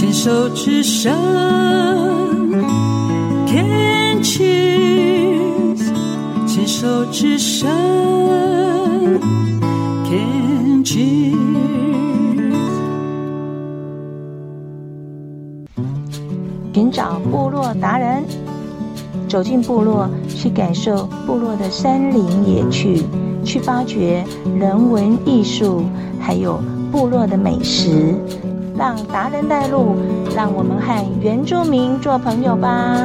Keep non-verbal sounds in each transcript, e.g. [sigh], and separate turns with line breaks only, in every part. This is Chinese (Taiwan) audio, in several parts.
牽手之聲，Can cheers。牽手之聲，Can cheers。尋找部落達人，走進部落，去感受部落的山林野趣，去發掘人文藝術，還有部落的美食。讓達人帶路，讓我們和原住民做朋友吧。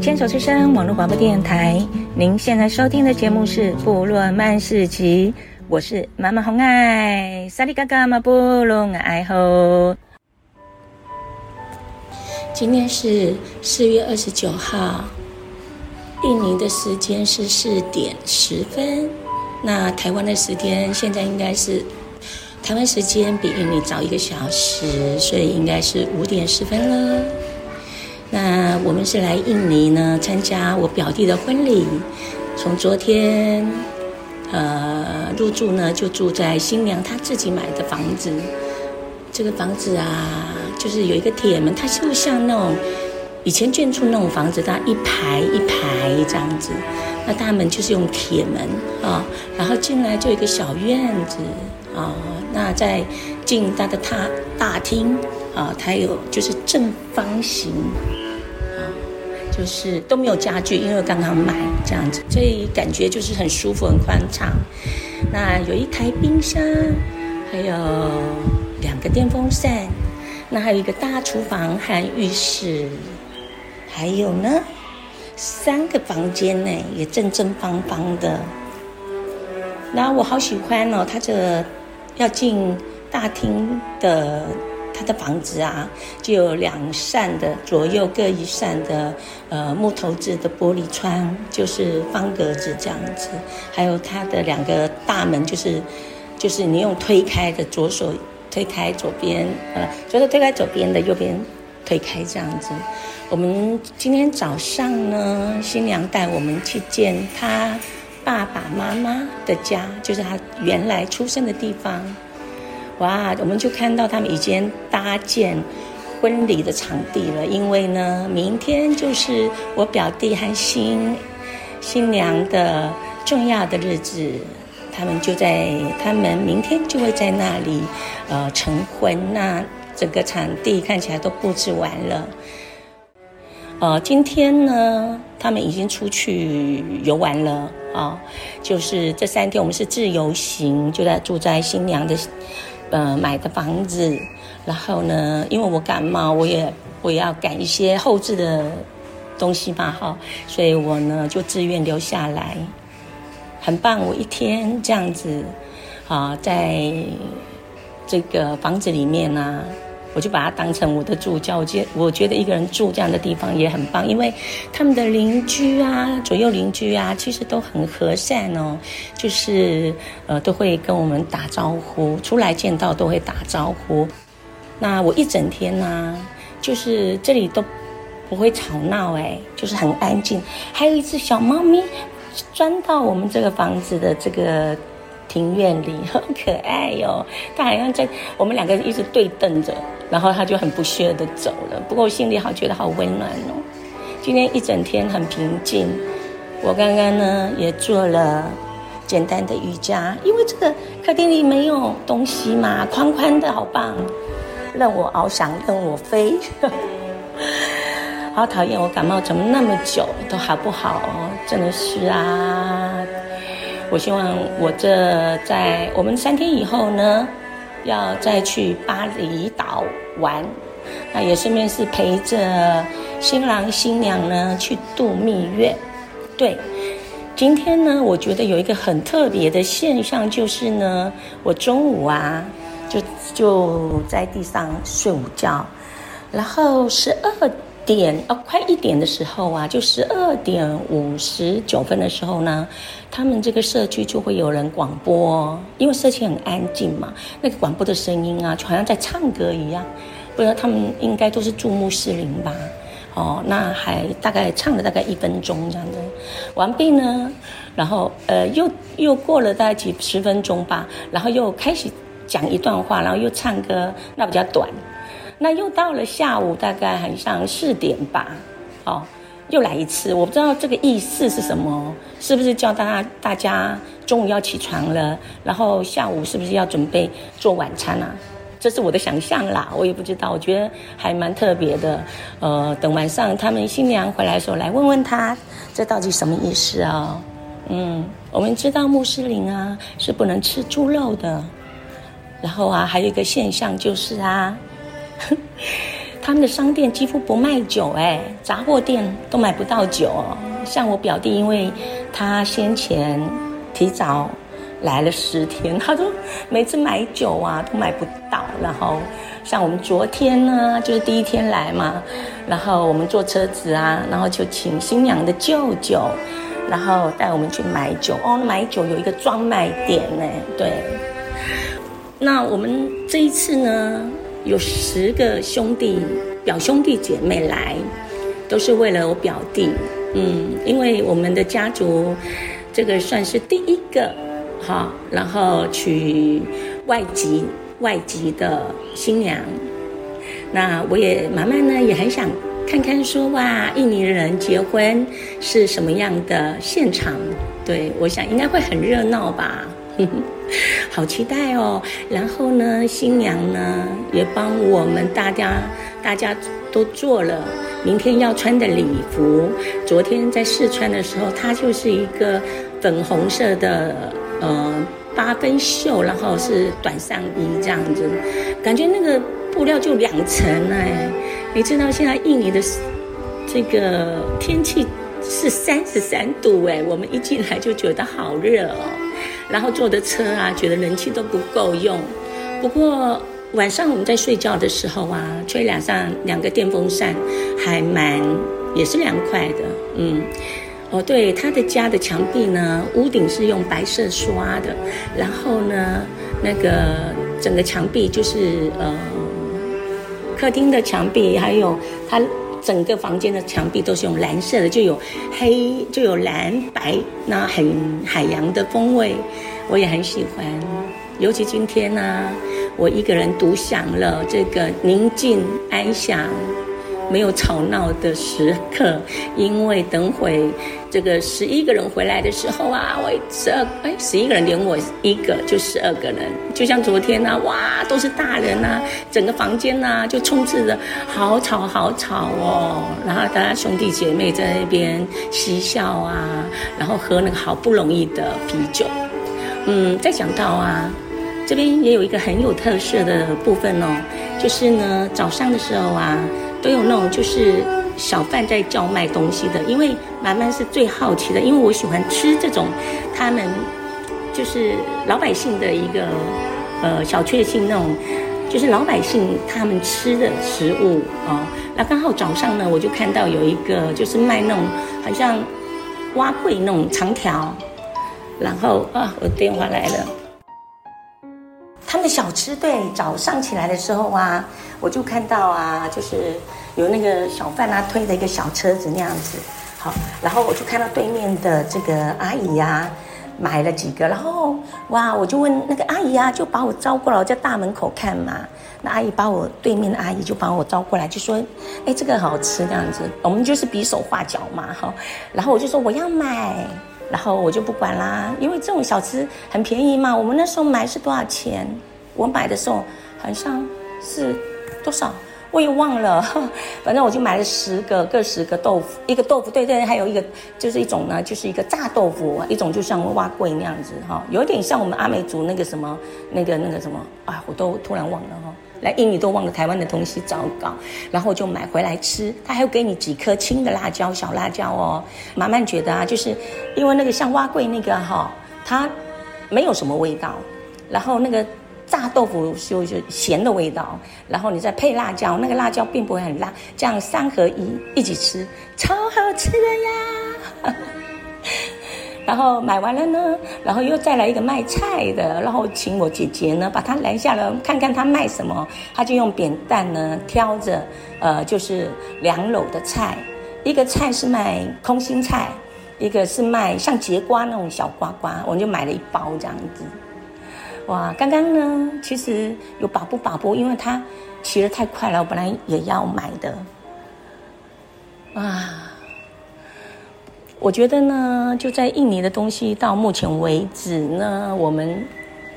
牽手之聲網絡廣播電臺，您現在收聽的節目是《部落漫市集》，我是馬漫紅愛。薩利嘎嘎嘛，布隆愛吼。今天是四月二十九號，印尼的時間是四點十分，那台灣的時間現在應該是。台灣時間比印尼早一個小時，所以應該是五點十分了。那我們是來印尼呢參加我表弟的婚禮。從昨天，呃，入住呢就住在新娘她自己買的房子。這個房子啊，就是有一個鐵門，它就像那種以前建築那種房子，它一排一排這樣子。那大門就是用鐵門啊、哦，然後進來就有一個小院子啊。哦那在進大的大大廳啊，它有就是正方形，啊，就是都沒有家具，因為我剛剛買這樣子，所以感覺就是很舒服，很寬敞。那有一台冰箱，還有兩個電風扇，那還有一個大廚房和浴室，還有呢三個房間呢，也正正方方的。那我好喜歡哦，它這個。要進大廳的，他的房子啊，就有兩扇的左右各一扇的呃木頭制的玻璃窗，就是方格子這樣子。還有他的兩個大門，就是就是你用推開的左手推開左邊，呃，左手推開左邊的，右邊推開這樣子。我們今天早上呢，新娘帶我們去見她。爸爸媽媽的家，就是他原來出生的地方。哇，我們就看到他們已經搭建婚禮的場地了。因為呢，明天就是我表弟和新新娘的重要的日子，他們就在，他們明天就會在那裡呃成婚。那整個場地看起來都布置完了。呃，今天呢，他們已經出去遊玩了啊。就是這三天，我們是自由行，就在住在新娘的呃，買的房子。然後呢，因為我感冒，我也我也要趕一些後製的東西嘛，哈，所以我呢就自願留下來，很棒。我一天這樣子，啊，在這個房子裡面啊我就把它當成我的住家，我覺得一個人住這樣的地方也很棒，因為他們的鄰居啊，左右鄰居啊，其實都很和善哦，就是呃都會跟我們打招呼，出來見到都會打招呼。那我一整天呢，就是這裡都不會吵鬧，哎，就是很安靜。還有一隻小貓咪鑽到我們這個房子的這個庭院裡，好可愛喲！它好像在我們兩個一直對瞪着。然後他就很不屑地走了。不過我心裡好覺得好溫暖哦。今天一整天很平靜。我剛剛呢也做了簡單的瑜伽，因為這個客廳裡沒有東西嘛，寬寬的好棒，讓我翱翔，讓我飛。好討厭，我感冒怎麼那麼久都還不好？哦，真的是啊。我希望我這在我們三天以後呢，要再去巴厘島，玩，那也順便是陪着新郎新娘呢去度蜜月。對，今天呢，我覺得有一個很特別的現象，就是呢，我中午啊，就就在地上睡午覺，然後十二。點哦，快一點的時候啊，就十二點五十九分的時候呢，他們這個社區就會有人廣播，哦，因為社區很安靜嘛，那個廣播的聲音啊，就好像在唱歌一樣。不知道他們應該都是穆斯林吧？哦，那還大概唱了大概一分鐘這樣子。完畢呢，然後呃，又又過了大概幾十分鐘吧，然後又開始講一段話，然後又唱歌，那比較短。那又到了下午，大概晚上四點吧，哦，又來一次，我不知道這個意思是什麼，是不是叫大家大家中午要起床了，然後下午是不是要準備做晚餐啊？這是我的想象啦，我也不知道，我覺得還蠻特別的。呃，等晚上他們新娘回來的時候，來問問他這到底什麼意思啊，哦？嗯，我們知道穆斯林啊是不能吃豬肉的，然後啊還有一個現象就是啊。他們的商店幾乎不賣酒、欸，哎，雜貨店都買不到酒、喔。像我表弟，因為他先前提早來了十天，他都每次買酒啊都買不到。然後像我們昨天呢、啊，就是第一天來嘛，然後我們坐車子啊，然後就請新娘的舅舅，然後帶我們去買酒。哦，買酒有一個專賣店呢、欸，對。那我們這一次呢？有十個兄弟表兄弟姐妹來，都是為了我表弟。嗯，因為我們的家族，這個算是第一個，好、哦，然後娶外籍外籍的新娘。那我也馬漫呢也很想看看說哇，印尼人結婚是什麼樣的現場？對，我想應該會很熱鬧吧。呵呵好期待哦！然後呢，新娘呢也幫我們大家，大家都做了明天要穿的禮服。昨天在試穿的時候，它就是一個粉紅色的呃八分袖，然後是短上衣這樣子。感覺那個布料就兩層哎。你知道現在印尼的這個天氣是三十三度哎，我們一進來就覺得好熱哦。然後坐的車啊，覺得冷氣都不夠用。不過晚上我們在睡覺的時候啊，吹兩扇兩個電風扇，還蠻也是涼快的。嗯，哦，對，他的家的牆壁呢，屋頂是用白色刷的，然後呢，那個整個牆壁就是呃，客廳的牆壁還有他。整個房間的牆壁都是用藍色的，就有黑，就有藍白，那很海洋的風味，我也很喜歡。尤其今天呢、啊，我一個人獨享了這個寧靜安詳，沒有吵鬧的時刻，因為等會這個十一個人回來的時候啊，我十二哎十一個人連我一個就十二個人，就像昨天啊，哇都是大人吶、啊，整個房間吶、啊，就充斥着好吵好吵哦，然後大家兄弟姐妹在那邊嬉笑啊，然後喝那個好不容易的啤酒，嗯，再講到啊，這邊也有一個很有特色的部分哦，就是呢早上的時候啊。都有那種就是小販在叫賣東西的，因為馬漫是最好奇的，因為我喜歡吃這種，他們就是老百姓的一個呃小確幸那種，就是老百姓他們吃的食物啊、哦。那剛好早上呢，我就看到有一個就是賣那種好像瓜粿那種長條，然後啊，我電話來了，他們的小吃對早上起來的時候啊。我就看到啊，就是有那個小販啊推的一個小車子那樣子，好，然後我就看到對面的這個阿姨啊，買了幾個，然後哇，我就問那個阿姨啊，就把我招過來。我在大門口看嘛。那阿姨把我對面的阿姨就把我招過來，就說，哎，這個好吃這樣子，我們就是比手畫腳嘛。好，然後我就說我要買，然後我就不管啦，因為這種小吃很便宜嘛。我們那時候買是多少錢？我買的時候好像是。多少？我也忘了，反正我就買了十個，各十個豆腐，一個豆腐對，對對，還有一個就是一種呢，就是一個炸豆腐，一種就像碗粿那樣子哈、哦，有點像我們阿美族那個什麼那個那個什麼啊、哎，我都突然忘了哈、哦，來印尼都忘了台灣的東西，糟糕。然後我就買回來吃，他還要給你幾顆青的辣椒，小辣椒哦。慢慢覺得啊，就是因為那個像碗粿那個哈、哦，它沒有什麼味道，然後那個。它豆腐就是有鹹的味道，然後你再配辣椒，那個辣椒並不會很辣，這樣三合一一起吃，超好吃的呀！ [laughs] 然後買完了呢，然後又再來一個賣菜的，然後請我姐姐呢把她攔下來看看她賣什麼。她就用扁擔呢挑着，呃，就是兩簍的菜，一個菜是賣空心菜，一個是賣像節瓜那種小瓜瓜，我就買了一包這樣子。哇，剛剛呢，其實有把不把不，因為它騎得太快了。我本來也要買的。哇，我覺得呢，就在印尼的東西，到目前為止呢，我們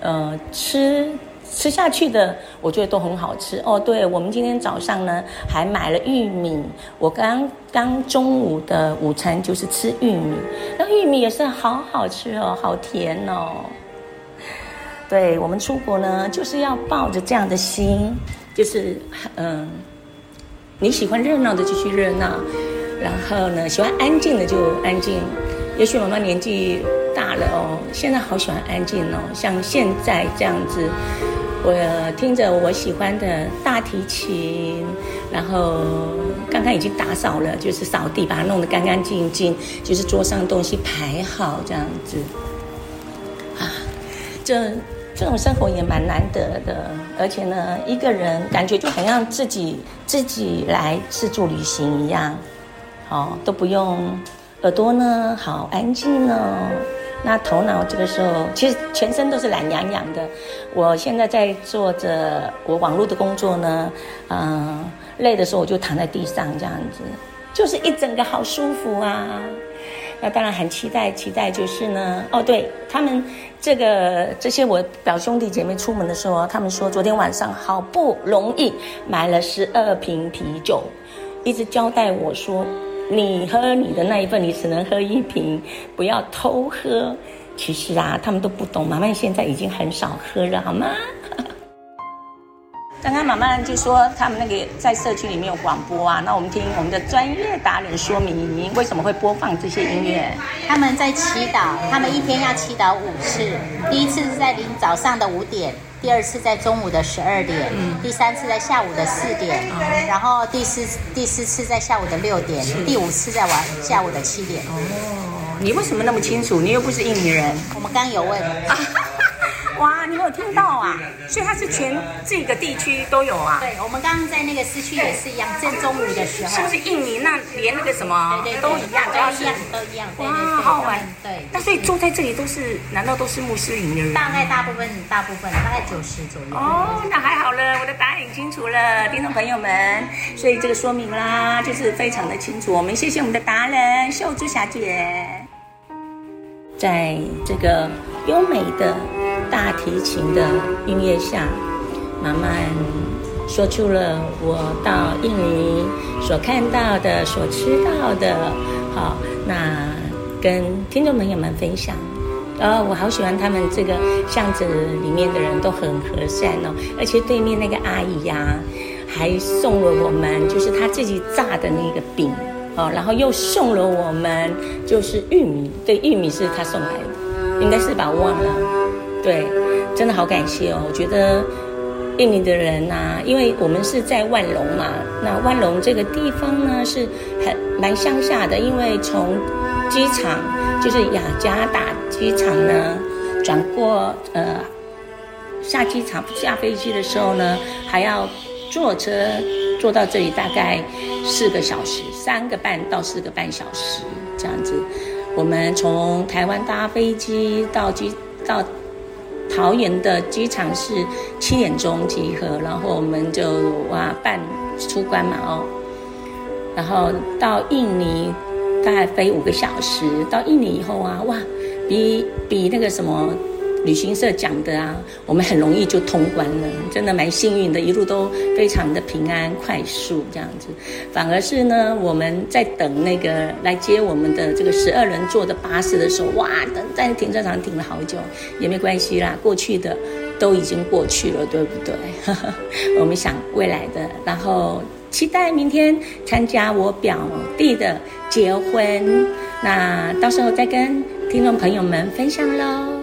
呃吃吃下去的，我覺得都很好吃哦。對，我們今天早上呢還買了玉米，我剛剛中午的午餐就是吃玉米，那玉米也是好好吃哦，好甜哦。對，我們出國呢，就是要抱着這樣的心，就是嗯，你喜歡熱鬧的就去熱鬧，然後呢，喜歡安靜的就安靜。也許馬漫年紀大了哦，現在好喜歡安靜哦，像現在這樣子，我聽着我喜歡的大提琴，然後剛剛已經打掃了，就是掃地把它弄得干干淨淨，就是桌上東西排好這樣子啊，這。這種生活也蠻難得的，而且呢，一個人感覺就好像自己自己來自助旅行一樣，哦，都不用耳朵呢，好安靜哦。那頭腦這個時候其實全身都是懶洋洋的。我現在在做着我網絡的工作呢，嗯、呃，累的時候我就躺在地上這樣子，就是一整個好舒服啊。那當然很期待，期待就是呢，哦，對，他們這個，這些我表兄弟姐妹出門的時候，他們說昨天晚上好不容易買了十二瓶啤酒，一直交代我說，你喝你的那一份，你只能喝一瓶，不要偷喝。其實啊，他們都不懂，馬漫現在已經很少喝了，好嗎？剛剛馬漫就說他們那個在社區裡面有廣播啊，那我們聽我們的專業達人說明，為什麼會播放這些音樂？他們在祈禱，他們一天要祈禱五次，第一次是在零早上的五點，第二次在中午的十二點，嗯，第三次在下午的四點，嗯，然後第四第四次在下午的六點，第五次在晚下午的七點。哦，你為什麼那麼清楚？你又不是印尼人？我們剛有問。啊哇，你沒有聽到啊？所以它是全這個地區都有啊。對，我們剛剛在那個市區也是一樣，正中午的時候。是不是印尼那連那個什麼？對對對，都一樣，都一樣都，一樣都一樣。哇，好、哦、玩。對。那所以住在這裡都是，難道都是穆斯林的人？大概大部分，大部分大概九十左右。哦，那還好了，我的答案很清楚了，聽眾朋友們。 [laughs] 所以這個說明啦，就是非常的清楚。我們謝謝我們的達人秀珠小姐。在這個優美的。大提琴的音樂下，馬漫說出了我到印尼所看到的、所吃到的。好，那跟聽眾朋友們分享。呃、哦，我好喜歡他們這個巷子裡面的人都很和善哦，而且對面那個阿姨呀、啊，還送了我們，就是她自己炸的那個餅。哦，然後又送了我們，就是玉米。對，玉米是她送來的，應該是吧，我忘了。對，真的好感謝哦！我覺得印尼的人啊，因為我們是在萬隆嘛，那萬隆這個地方呢是很蠻鄉下的，因為從機場就是雅加達機場呢轉過，呃，下機場下飛機的時候呢，還要坐車坐到這裡，大概四個小時，三個半到四個半小時這樣子。我們從台灣搭飛機到機到。桃園的機場是七點鐘集合，然後我們就哇辦出關嘛哦，然後到印尼大概飛五個小時，到印尼以後啊哇，比比那個什麼。旅行社講的啊，我們很容易就通關了，真的蠻幸運的，一路都非常的平安、快速這樣子。反而是呢，我們在等那個來接我們的這個十二人座的巴士的時候，哇，等在停車場停了好久，也沒關係啦，過去的都已經過去了，對不對？ [laughs] 我們想未來的，然後期待明天參加我表弟的結婚，那到時候再跟聽眾朋友們分享嘍。